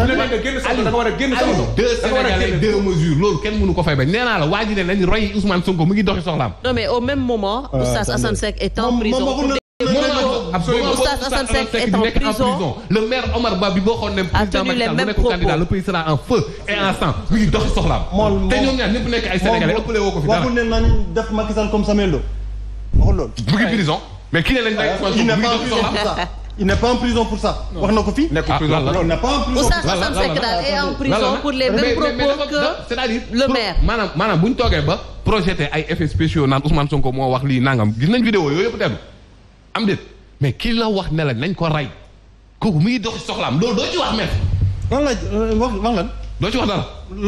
Souleymane nga génn Sonko da nga war a génn Sonko deux Sénégalais deux mesures loolu kenn mënu ko fay bañ nee naa la waa ji ne nañ roy Ousmane Sonko mu ngi doxi soxlaam non mais au même moment euh, Oustaz Assane Seck est en prison absolument Oustaz Assane Seck est en prison le maire Omar Ba bi boo xoon ne président Macky Sall mu nekk candidat le pays sera en feu et en sang mu ngi doxi soxlaam te ñoom ñaar ñëpp nekk ay Sénégalais ëppale woo ko fi dara waxul ne nañ def Macky Sall comme Samelo waxul loolu mu ngi prison mais ki ne lañ rek euh, mu ngi doxi soxlaam il n'est pas en prison pour ça. wax na ko fi nekkul prison non ah, n'est pas en prison. Oustaz Assane Seck daal est en prison pour les mêmes propos que le maire. maanaam maanaam bu ñu toogee ba projeté ay effets spéciaux naan Ousmane Sonko moo wax lii nangam gis nañ vidéo yooyu yëpp dem am déet mais kii la wax ne la nañ ko rey kooku mu ngi dox soxlaam loolu doo ci wax maître. lan la euh, wax wax lan. doo ci wax dara.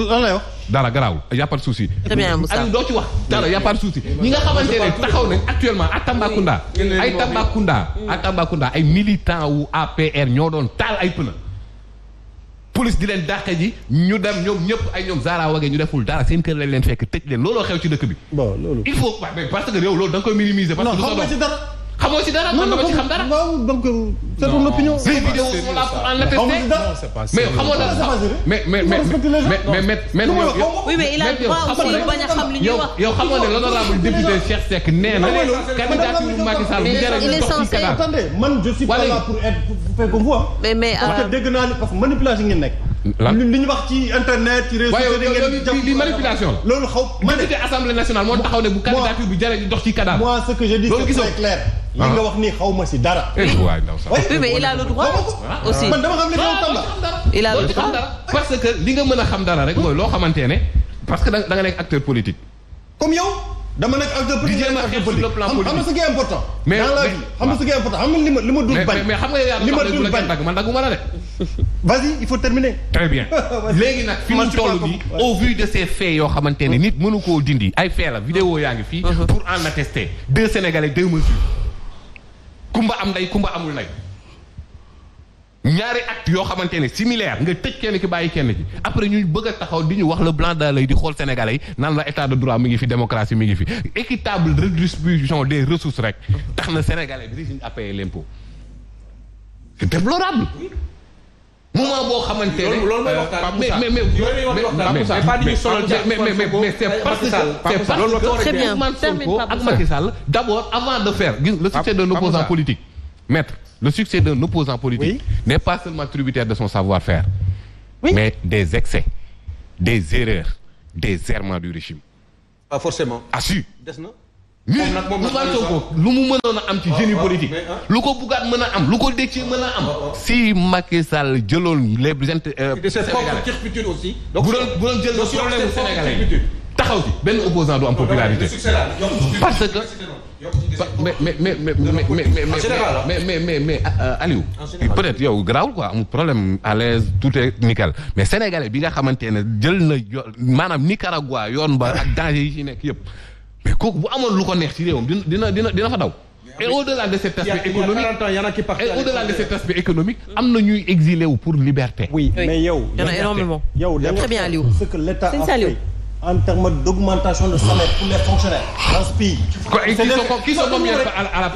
lan la wax. dara garaawul y' a pas doo ci wax dara y' a pas ñi nga xamante ne taxaw nañ actuellement ak Tambacounda. ay Tambacounda. à Tambacounda ay militant wu APR ñoo doon taal ay pneu. police di leen dàqe ji ñu dem ñoom ñëpp ay ñoom Zahra Wague ñu deful dara seen kër lañ leen fekk tëj leen looloo xew ci dëkk bi. bon loolu il faut parce que réew loolu da nga koy minimiser. parce que xamoo ci dara man dama ci xam dara. non donc euh, c'est ton opinion. c'est pas mais xamoo dara mais mais mais mais mais oui mais il a droit aussi bañ a xam li ñuy wax. yow xamoo ne l'honorable député Cheikh Seck nee na candidature Macky Sall il est censé attendez man je suis pas là pour être pour faire comme vous mais mais parce que euh, dégg naa parce que manipulation ngeen nekk. lan li ñu wax ci internet ci réseaux sociaux ngeen jàpp li manipulation loolu xaw ma ne assemblée nationale moo taxaw ne bu candidature bi jërë dox ci cadavre moi ce que je dis c'est clair li nga ah. wax ni xaw ma si dara. Eh, waay ndaw sax oui mais aussi ah, dama xam ne dama ah, xam dara. il a le droit parce que li nga mën a xam dara rek mooy loo xamante ne parce que da nga nekk acteur politique. comme yow dama nekk acteur politique dama xam nga ce qui mais xam nga ce xam nga li ma li ma dul bañ. mais xam nga yaa li ma dul bañ man dagguma la de. vas-y il faut terminer. très bien léegi nag fi ma toll nii au vu de ces faits yoo xamante ne nit mënu koo dindi ay faits la vidéo yaa ngi fii uh-huh. pour en attester deux Sénégalais deux mesures kumba am ndey kumba amul ndey ñaari acte yoo xamante ne similaire nga tëj kenn ki bàyyi kenn ci après ñuy bëgg taxaw di ñu wax la blanc de lay di xool sénégalais yi naan la état de droit mi ngi fi démocratie mi ngi fi équitable redistribution des ressources rek tax na sénégalais bi di suñu appayé l'impôt c'est déplorable moment boo xamante ne loolu loolu mooy euh, mais mais mais c'est parce Sall d'abord avant de faire gis le succès d'un opposant politique maître le succès d'un opposant politique n'est pas seulement tributaire de son savoir-faire mais des excès des erreurs des errements du régime pas des na moom nag moom lu mu mënoon a am ci génie ah, ah, politique. Ah. lu ko buggaat mën a am lu ko dëccee mën a am. si Macky Sall jëloon les euh, présidents. sénégalais aussi. donc bu doon bu doon jël problème sénégalais taxaw ci benn opposant du am popularité. parce que. mais mais mais mais mais mais mais Aliou. peut-être yow garaawul quoi amul problème à l'aise tout est mais sénégalais bi nga xamante ne jël na maanaam Nicaragua yoon ba ak danger yi ci nekk yëpp. mais kooku bu amoon lu ko neex ci réewam dina dina dina fa daw. et au-delà de cet aspect économique et au-delà de cet aspect économique am na ñuy exilé wu pour liberté. oui mais yow. yow très bien Aliou ce que l'État a fait en termes d'augmentation de salaire pour les fonctionnaires dans ce pays. c'est des qui sont combien à la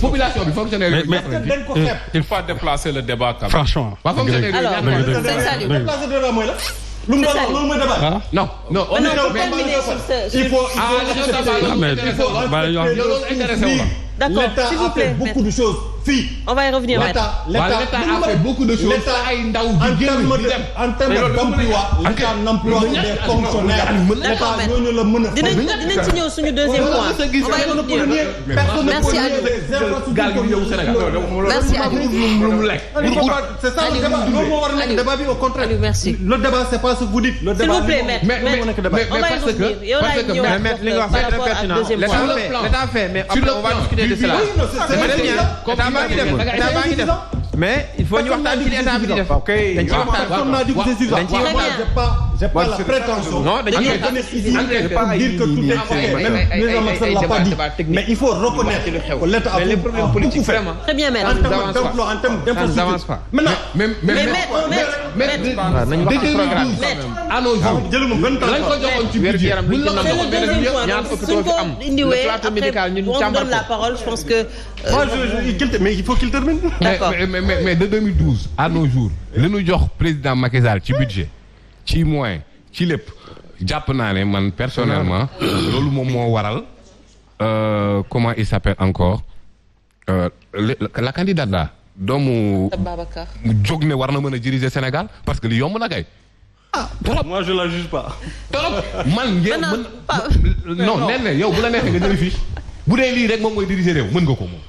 population bi fonctionnaire yi. mais mais il faut déplacer le débat. franchement. waa fonctionnaire yi lu mu doon loolu mooy débat. non non on est donc il faut il faut. ah mais loolu intéressé wu ma. d'accord s'il vous plaît beaucoup de choses. si on va y revenir l' état l' état a fait beaucoup de choses ay ndaw di génn di dem en terme d' emploi l' état n' emploie des fonctionnaires l' état ñooñu la mën a. dinañ dinañ ci ñëw suñu deuxième point. on va y revenir merci Aliou merci Aliou. c'est ça le débat loolu moo war a nekk débat bi au contraire. merci le débat c'est pas ce que vous dites. le débat mais mais mais parce que parce que mais li nga wax c'est très pertinent. l' état fait mais après on va discuter de cela. maa ngi def maa ngi def mais il faut ñu waxtaan ci li état bi di def. ok j'ai pas la prétention. non dañuy dire que tout est fait mais il faut reconnaître que l'État a beaucoup fait. très bien maître. en termes d'emploi en termes d'imposition. maintenant mais mais mais waaw nañu wax ah, ci programme à que euh, mais il faut de à nos jours li ñu jox président Macky ci budget ci moyen ci lépp jàpp naa ne man personnellement loolu moom moo waral euh, comment il s'appelle encore euh, la candidate là doomu. Babacar mu jóg ne war na mën a diriger Sénégal parce que li yomb na kay. ah trop moi la juge pas. man ngeen mën non nee na yow bu la neexee nga jëli bu dee lii rek moom mooy diriger réew mën nga ko moom.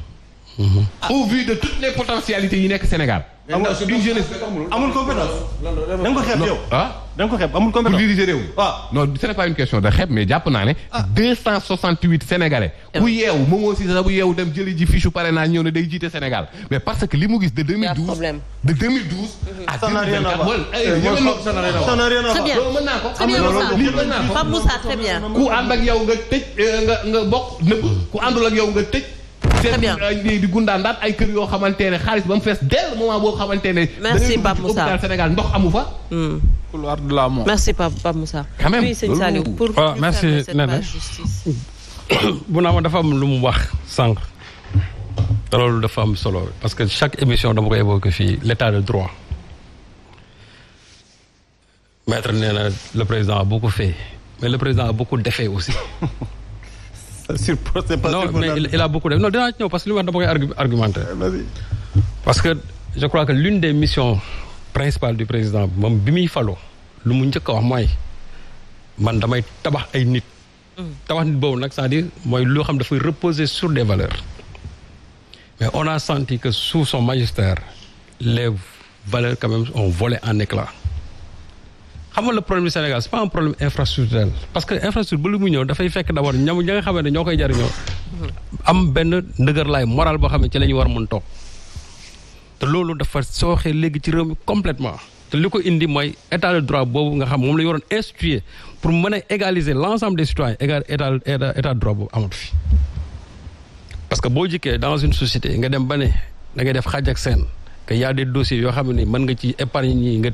Mhm. au vu de toutes les potentialités yi nekk Sénégal. une jeunesse amul compétence. da nga ko xeeb yow. ah da nga ko xeeb amul compétence. pour diriger réew mi waaw. non ce n'est pas une question de jàpp naa ne. ah 268 sénégalais. Eh ku yeewu moom aussi sax bu yeewu dem jëli ji fiche naa ñëw ne day jiite Sénégal mais parce que li mu gis de 2012. de 2012. Mm-hmm. à 2024 wala eh, ay bien naa ko. très bien ku ànd ak yow nga tëj eh, nga bokk nëbb ku àndul ak yow nga tëj. très bien seet di gundaandaat ay kër yoo xamante ne xaalis ba mu fees dell moment boo xamante ne. merci Pape Moussa dañuy Sénégal ndox amu fa. Hmm. couloir de la mort. merci Pape Pape bu naa ma dafa am lu mu wax sànq. loolu dafa am solo parce que chaque émission dama koy évoqué fii l'état de droit maître nee le président a beaucoup fait mais le président a beaucoup defee aussi. sur c'est pas non mais il, il a beaucoup de non dinaa ñëw parce que li mu wax dama koy argumenté. parce que je crois que l'une des missions principales du président moom bi muy falo lu mu njëkk a wax mooy man damay tabax ay nit. Mm. tabax nit boobu nag cest à mooy loo xam dafay reposer sur des valeurs. mais on a senti que sous son magistère les valeurs quand même ont volé en éclat. xam nga le problème du Sénégal c'est pas un infrastructurel parce que infrastructure ba lu mu ñëw dafay fekk d'abord ñam ña nga xam ne ñoo koy jariñoo am benn ndëgër laay moral boo xam ne ci la ñu war mun toog te loolu dafa sooxee léegi ci réew mi li ko indi mooy état de boobu nga xam moom la ñu waroon instituer pour mën a égaliser l'ensemble des citoyens égal état état de droit boobu amatu fi parce que boo jikkee dans une société nga dem ba ne da ngay def xaaj ak seen que y a des yoo xam ne mën nga ci épargne ñi nga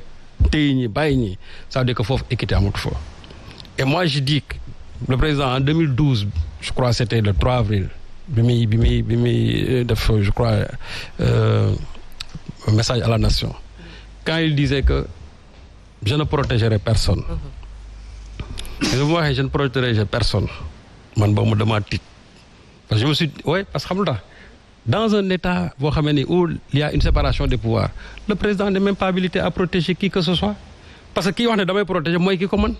téye ñi bàyyi ñi ça veut dire que foofu équité amut fa et moi je dis que le président en je crois c'était le 3 avril bi muy bi muy bi muy euh, def je crois euh, message à la nation quand il disait que je ne protégerai personne mais mm-hmm. bu personne man ba mu dama tiit parce que je me suis oui parce que xam dans un état boo xamee ni où il y a une séparation des pouvoirs le président n'est même pas habilité à protéger qui que ce soit parce que kii wax ne damay protéger mooy ki ko mën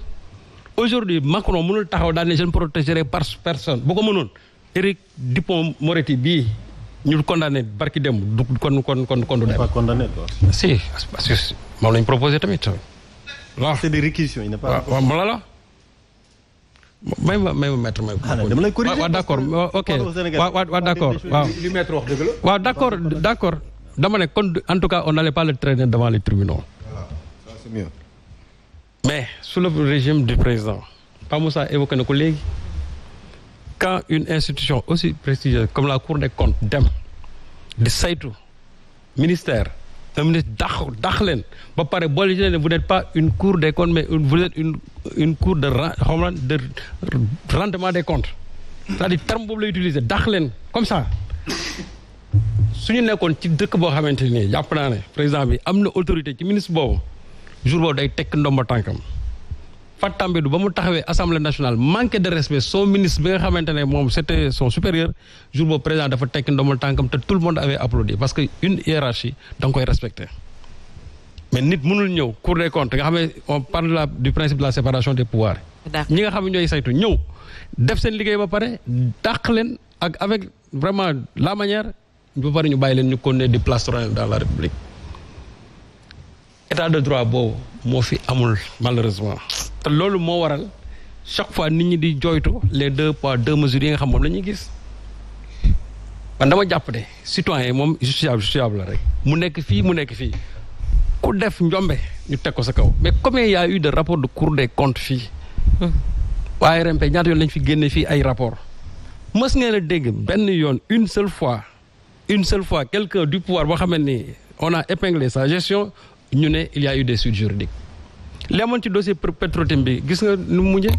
aujourd'hui Macron mënul taxaw daal ne je ne protégerai par personne bu ko mënoon Éric Dupond-Moretti bii ñu condamné barki dem du kon kon kon kon du dem. si parce que moom la ñu tamit. waaw c'est des may ma may ma maître may ah, dama lay corriger waaw d'accord ok waaw waaw d'accord waaw li maître wax dëgg la tout cas on n'allait pas le traîner devant les tribunaux mais sous le régime du président Pa Moussa évoqué na ko léegi quand une institution aussi prestigieuse comme la Cour des comptes dem di saytu ministère même ne dax leen ba pare boole ci leen vous n'êtes pas une cour des comptes mais vous êtes une une cour de xawma de rendement des comptes c'est-à-dire boobu lay utiliser dax leen comme ça ñu nekkoon ci dëkk boo xamante nii jàpp naa ne président bi am na autorité ci ministre boobu jour boobu day tekk ndomba tànkam Fat Tambidou ba mu taxawee assemblée nationale manqué de respect son ministre bi nga xamante ne moom c'était son supérieur jour boobu président dafa tekki ndomal tànkam te tout le monde avait applaudi parce que une hiérarchie da koy respecté mais nit mënul ñëw cour des comptes nga xam ne on parle la du principe de la séparation des pouvoirs. ñi nga xam ne ñooy saytu ñëw def seen liggéey ba pare dàq leen ak avec vraiment la manière ba pare ñu bàyyi leen ñu continuer di plastron dans la république état de droit boobu moo fi amul malheureusement. te loolu moo waral chaque fois nit ñi di jooytu les deux pois deux mesures yi nga xam moom la ñuy gis man dama jàpp ne citoyen moom justiciable justiciable rek mu nekk fii mu nekk fii ku def njombe ñu teg ko sa kaw mais combien y de rapport de Cour des comptes fii waaye ARMP ñaata yoon lañ fi génne fii ay rapport mës ngeen ne dégg benn yoon une seule fois une seule fois quelqu'un du pouvoir boo xamante ni on a épinglé sa gestion ñu ne il y a eu des suites juridiques li amoon ci dossier Petro-Tim gis nga nu mu mujjee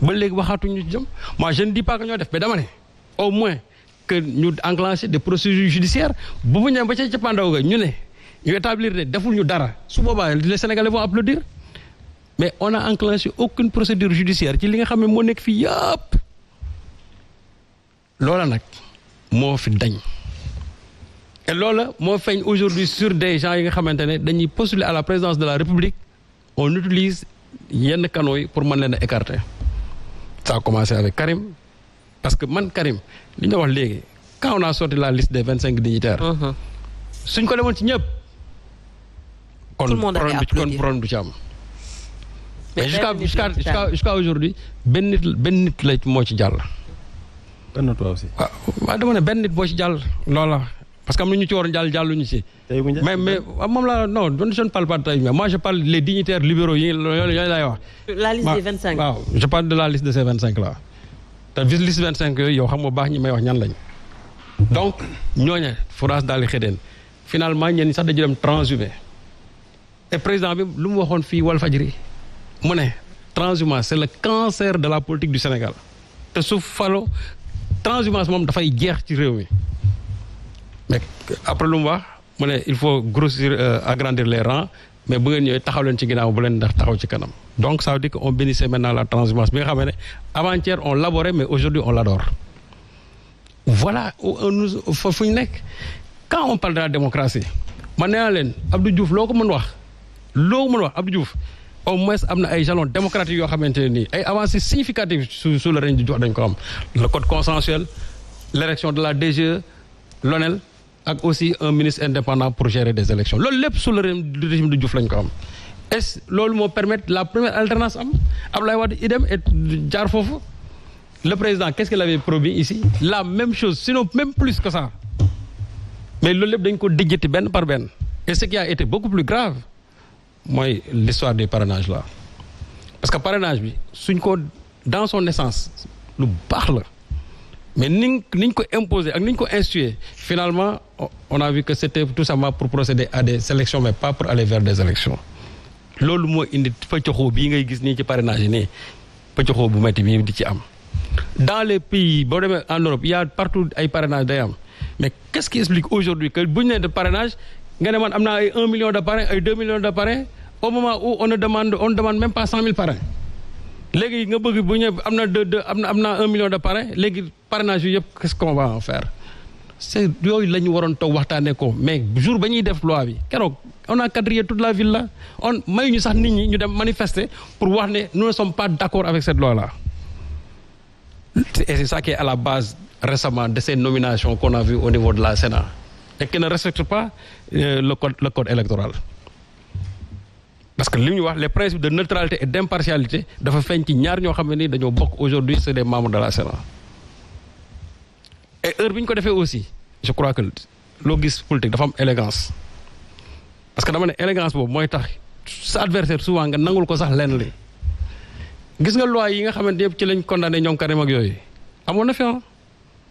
ba léegi waxaatu ñu jëm moi je di dis ñoo def mais dama ne au moins que ñu enclenché des procédures judiciaires bu mu ñëw ba ca cappaandaw ga ñu ne ñu établir ne deful ñu dara su boobaa les Sénégalais vont applaudir mais on a enclenché aucune procédure judiciaire ci li nga xam ne moo nekk fii yëpp loola nag moo fi dañ et loola moo feeñ aujourd'hui sur des gens yi nga xamante ne dañuy postuler à la présidence de la République on utilise yenn canaux yi pour mën leen a écarter sa a commencé avec Karim parce que man Karim li nga wax léegi quand on a sorti la liste des vingt cinq dignitaires uh-huh. suñ ko demoon ci ñëpp kon problème bi kon problème du ci am mais jusqu'à jusqu'à jusqu'à jusqu'à aujourd'hui benn nit nit la moo ci jàll benn toi ah, ne benn nit boo ci jàll loola parce que am na ñu ci waroon jàll jàlluñu si. mais mais ah, moom laa non je ne parle pas de Taïba moi je parle les dignitaires libéraux yi yooyu laay wax. la liste des waaw je parle de la liste de ces 25 là. te vis liste 25 yooyu yow xam baax ñi may wax ñan lañ donc ñooñu France daal di xëdeen finalement ñenn sax dañu dem transhumé et président bi lu mu waxoon fii Walfadjri mu ne transhumance c'est le cancer de la politique du Sénégal te su falo transhumance moom dafay jeex ci réew mi. mais après lu mu wax mu ne il faut grossir euh, agrandir les rangs mais bu ngeen ñëwee taxaw leen ci ginnaaw bu leen ndax taxaw ci kanam donc ça veut dire que on bénissait maintenant la transhumance bi nga xam ne avant on l'adorait mais aujourd'hui on l'adore voilà fu ñu nekk quand on parle de la démocratie man nee naa leen Abdou loo ko mën wax loo mën wax Abdou Diouf au moins am na ay jalons démocratiques yoo xamante ne nii ay avancées significatives su su le règne du Diouf dañ ko am le code consensuel l'élection de la DGE l'ONEL ak aussi un ministre indépendant pour gérer des élections loolu lépp sous le régime du Diouf lañ ko am loolu moo permettre la première alternance am Abdoulaye Wade idem et jaar foofu le président qu'est-ce qu'il avait promis ici la même chose sinon même plus que ça mais loolu lépp dañ ko dijjati benn par benn et ce qui a été beaucoup plus grave mooy l'histoire des parrainages là parce que parrainage bi suñ ko dans son essence lu baax la mais niñ niñ ko imposer ak niñ ko instituer finalement on a vu que c'était tout simplement pour procéder à des sélections mais pas pour aller vers des élections loolu moo indi pëccoxoo bii ngay gis nii ci parenage yi nii pëccoxoo bu metti bii di ci am dans le pays boo demee en Europe il y a partout ay parrainage day am mais qu'est-ce qui explique aujourd'hui que bu de parrainage nga ne am naa ay million de parrain ay 2 de parrain au moment où on ne demande on ne léegi nga bëgg bu ñëw am na deux deux am na am na un million de parrain léegi parrainage yi yëpp qu'est-ce qu'on va en faire c'est yooyu la ñu waroon toog waxtaanee ko mais jour ba ñuy def loi bi keroog on a quadrillé toute la ville la on may ñu sax nit ñi ñu dem manifester pour wax ne nous ne sommes pas d'accord avec cette loi là et c'est ça qui à la base récemment de ces nominations qu'on a au niveau de la Sénat et qui ne respecte pas euh, le le code électoral parce que li ñu wax les principes de neutralité et d' impartialité dafa feeñ ci ñaar ñoo xam ne ni dañoo bokk aujourd'hui c'est des membres de heure bi ñu ko defee aussi je crois que loo gis politique dafa am élégance parce que dama ne élégance boobu mooy tax sa adversaire souvent nga nangul ko sax lenn li gis nga loi yi nga xamante yëpp ci lañ condamné ñoom Karim ak yooyu amoon na fi ah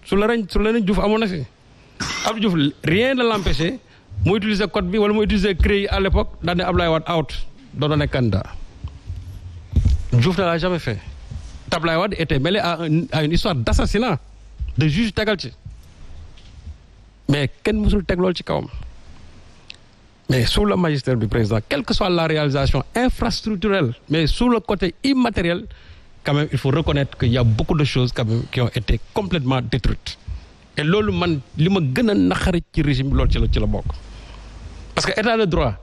su la reñ su la reñ Diouf amoon na fi Abdou Diouf rien ne l'empêchait mu utiliser code bi wala mu utiliser CREI à l'époque daal ne Ablaye doon na nekk candidat Diouf ne l'a jamais fait Abdoulaye Wade était mêlé à, un, à une histoire d'assassinat de juge tegal ci mais kenn mësul teg loolu ci kawam mais sous le magistère du président quelle que soit la réalisation infrastructurelle mais sous le côté immatériel quand même il faut reconnaître qu'il y a beaucoup de choses quand même qui ont été complètement détruites et loolu man li ma gën a naqari ci régime loolu ci la ci la bokk parce que état de droit